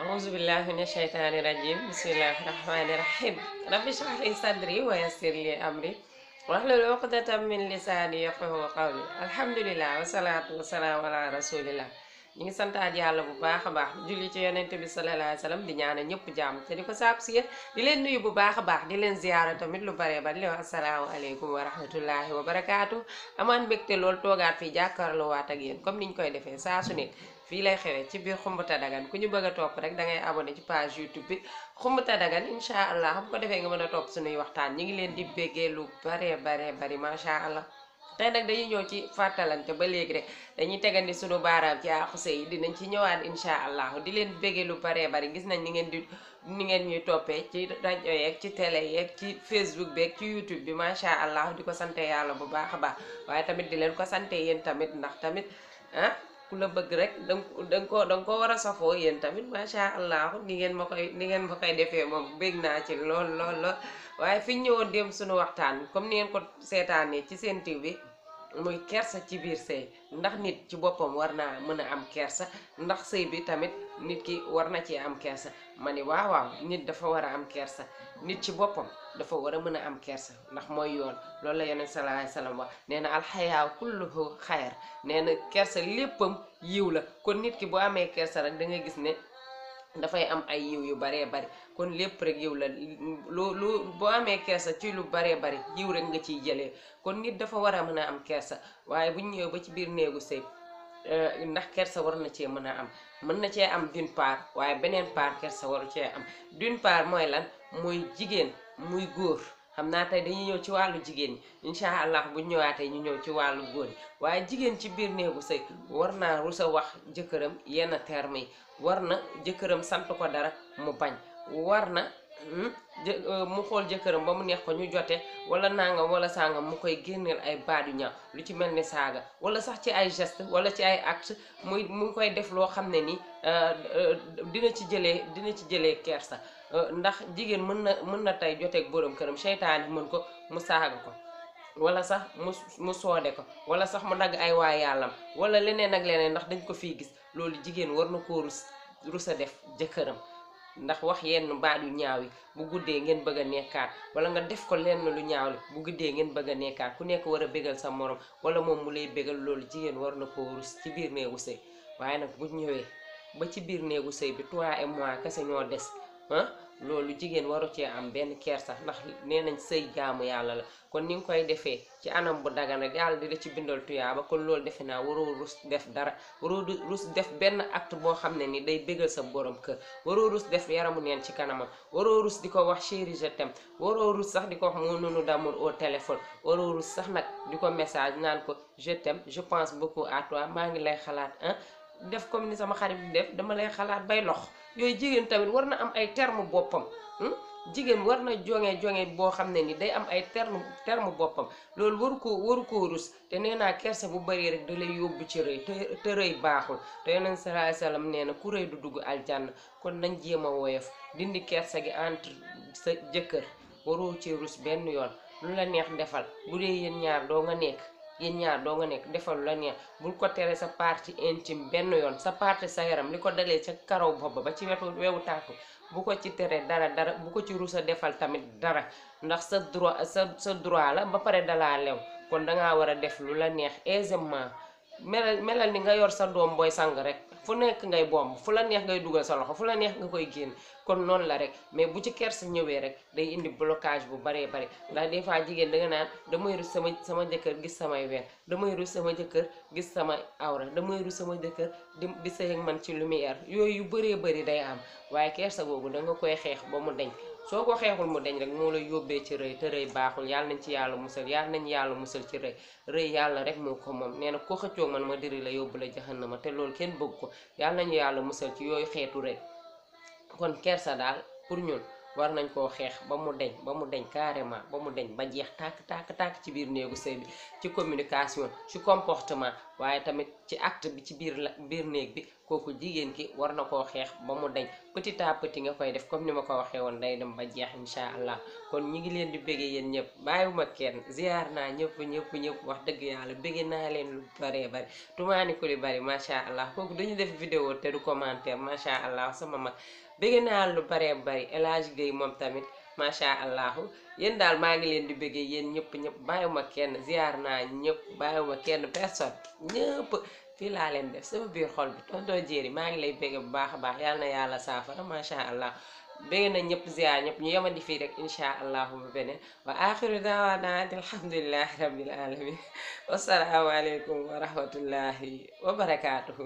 أعوذ بالله من الشيطان الرجيم بسم الله الرحمن الرحيم رب اشرح لي صدري ويسر لي أمري واحلل عقدة من لساني يفقهوا قولي الحمد لله والصلاة والسلام على رسول الله ñi ngi Adi yalla bu baaxa baax julli ci yonent bi sallallahu alayhi wasallam di ñaanal ñepp jàmm te diko saap saabu si di leen nuyu bu baaxa baax di leen ziyara tamit lu bare ba wa assalamu alaykum wa rahmatullahi wa barakaatu amaan lol togaat fi fii jàkkaarloowaat ak yeen comme niñ koy defee sa su nit fi lay xewé ci biir xumbata dagan ku ñu bëgg top rek da ngay abonné ci page youtube bi xumbata dagan insha allah bu ko defee nga mëna top suñuy waxtaan ñi ngi leen di béggee lu bare bare ma sha allah tey nag dañuy ñëw ci fàttalante ba léegi rek dañuy tegandi sunu baaraam ci àqu yi dinañ ci ñëwaat incha allahu di leen béggee lu baree bari gis nañ ni ngeen di ni ngeen ñuy toppee ci rajo yeeg ci télé yeeg ci facebook beeg ci youtube bi macha allah di ko sante yàlla bu baax a baax waaye tamit di leen ko sante yéen tamit ndax tamit ah ku la bëgg rek danga ko danga ko war a safoo yéen tamit macha allah di ngeen ma koy ni ngeen ma koy defee moom bég naa ci lool lool lool waaye fi ñu ñëwoon sunu waxtaan comme ni ngeen ko seetaanee ci seen TV bi mooy kersa ci biir sëy ndax nit ci boppam war naa mën a am kersa ndax sëy bi tamit nit ki war na ci am kersa ma ni waaw waaw nit dafa war a am kersa nit ci boppam dafa war a mën a am kersa ndax mooy yoon loolu la yonent sallallahu alayhi wasallam wax nee na alxayaa kulluhu xayr nee na kersa léppam yiw la kon nit ki boo amee kersa rek da nga gis ne dafay am ay yiw yu baree bari kon lépp rek yiw la lu lu boo amee kersa ci lu baree bari yiw rek nga ciy jëlee kon nit dafa war a mën a am kersa waaye bu ñu ñëwee ba ci biir néegu sëy euh, ndax kersa war na cee mën a am mën na cee am d'une part waaye beneen part kersa waru cee am d'une mooy lan muy jigéen muy góor xam naa tey dañuy ñëw ci wàllu jigéen ñi incha allah bu ñëwaatee ñu ñëw ci wàllu góor yi waaye jigéen ci biir néegu sëy war naa rusa wax jëkkëram yenn terme yi war na jëkkëram sant ko dara mu bañ war na Hmm? Euh, mu xool jëkkëram ba mu neex ko ñu jote wala nangam wala sàngam mu koy génneel ay baat yu ñaaw lu ci mel ni saaga wala sax ci ay geste wala ci ay acte muy mu koy def loo xam ne ni euh, dina ci jëlee dina ci jëlee kersa euh, ndax jigéen mën na mën na tey joteeg borom këram seytaane mën ko mu saaga ko wala sax mu mu soode ko wala sax mu nagg ay waa yàllam wala leneen ak leneen ndax dañ ko fii gis loolu jigéen war na koo rus rus a def jëkkëram ndax wax yenn baat yu ñaaw yi bu guddee ngeen bëgg a nekkaat wala nga def ko lenn lu ñaaw bu guddee ngeen bëgg a nekkaat ku nekk war a bégal sa morom wala moom mu lay bégal loolu jigéen war na ko rus ci biir néegu sëy waaye nag bu ñëwee ba ci biir néegu sëy bi trois et mois kese ñoo des ah loolu jigéen waru cee am benn ker sax ndax nee nañ sëy jaamu yàlla la kon ni nga koy defee ci anam bu dagana yàlla di la ci bindal tuyaaba kon loolu defe naa waroo rus def dara waroo rus def benn act boo xam ne ni day bégal sa borom kër waroo rus def yaramu neen ci kanamam waroo rus di ko wax chéri je t'aime waroo rus sax di ko wax moo nunu damul au téléphone waroo rus sax nag di ko message naan ko je t'aime je pense beaucoup à maa ngi lay xalaat ah def comme ni sama xarit di def dama lay xalaat bay lox yooyu jigéen tamit war na am ay terme boppam hmm? jigéen war na jonge jonge boo xam ne ni day am ay terme terme boppam loolu waru ko waru ko rus te nee naa kersa bu bari rek da lay yóbbu ci rëy te rëy baaxul te yonent salaay salaam nee na ku rëy du dugg aljanna kon nañ jéem a woyof dindi kersa gi entre sa jëkkër waroo ci rus benn yoon lu la neex defal bu dee yéen ñaar doo nga nekk yéen ñaar doo nga nekk defalu la neex bul ko tere sa partie intime benn yoon sa partie sa yaram li ko dalee ca karaw bopp ba ci wetu wewu tànk bu ko ci teree dara dara bu ko ci rusa defal tamit dara ndax sa droit sa sa droit la ba pare dalaa lew kon dangaa war a def lu la neex aisément melal melal ni nga yor sa doom booy sang rek fu nekk ngay bomb fu la neex ngay dugal sa loxo fu la neex nga koy génn kon noonu la rek mais bu ci kersa ñëwee rek day indi blocage bu baree bare ndax des fois jigéen da nga naan damay rus sama sama jëkkër gis samay weer damay rus sama jëkkër gis sama awra damay rus sama jëkkër di di sëy man ci lumière yooyu yu bëree bëri day am waaye kersa googu da nga koy xeex ba mu deñ soo ko xeexul mu deñ rek moo la yóbbee ci rëy te rëy baaxul yàlla nañ ci yàlla musal yàlla nañ yàlla musal ci rëy rëy yàlla rek moo ko moom nee na ko xëccoo man ma diri la yóbbu la jahannama te loolu kenn bëgg ko yàlla nañu yàlla musal ci yooyu xeetu rëy kon kersa daal pour ñun war nañ koo xeex ba mu deñ ba mu deñ carrément ba mu deñ ba jeex tàkk tàkk tàkk ci biir néegu sëy bi ci communication ci comportement waaye tamit ci acte bi ci biir la biir néeg bi kooku jigéen ki war na koo xeex ba mu dañ petit à petit nga koy def comme ni ma ko waxee woon day dem ba jeex incha allah kon ñi ngi leen di bëggee yéen ñëpp bàyyiwuma kenn ziar naa ñëpp ñëpp ñëpp wax dëgg yàlla bëggee naa leen lu baree bari Toumani Coulibaly macha allah kooku dañu def vidéo te du commentaire macha allah sama mag bëggee naa lu baree bari El Hadj moom tamit macha allah yéen daal maa ngi leen di bëggee yéen ñëpp ñëpp bàyyiwuma kenn ziar naa ñëpp bàyyiwuma kenn personne ñëpp. fii laa leen def sama biir xol bi tonton Jéeri maa ngi lay bégge bu baax a baax yàlla na yàlla saafara macha allah bégge na ñëpp ziar ñëpp ñu yemandi fii rek incha allahu ba beneen wa axiru daawaana alhamdulilahi rabbil alamin wasalaamualeykum wa rahmatullahi wa barakaatuhu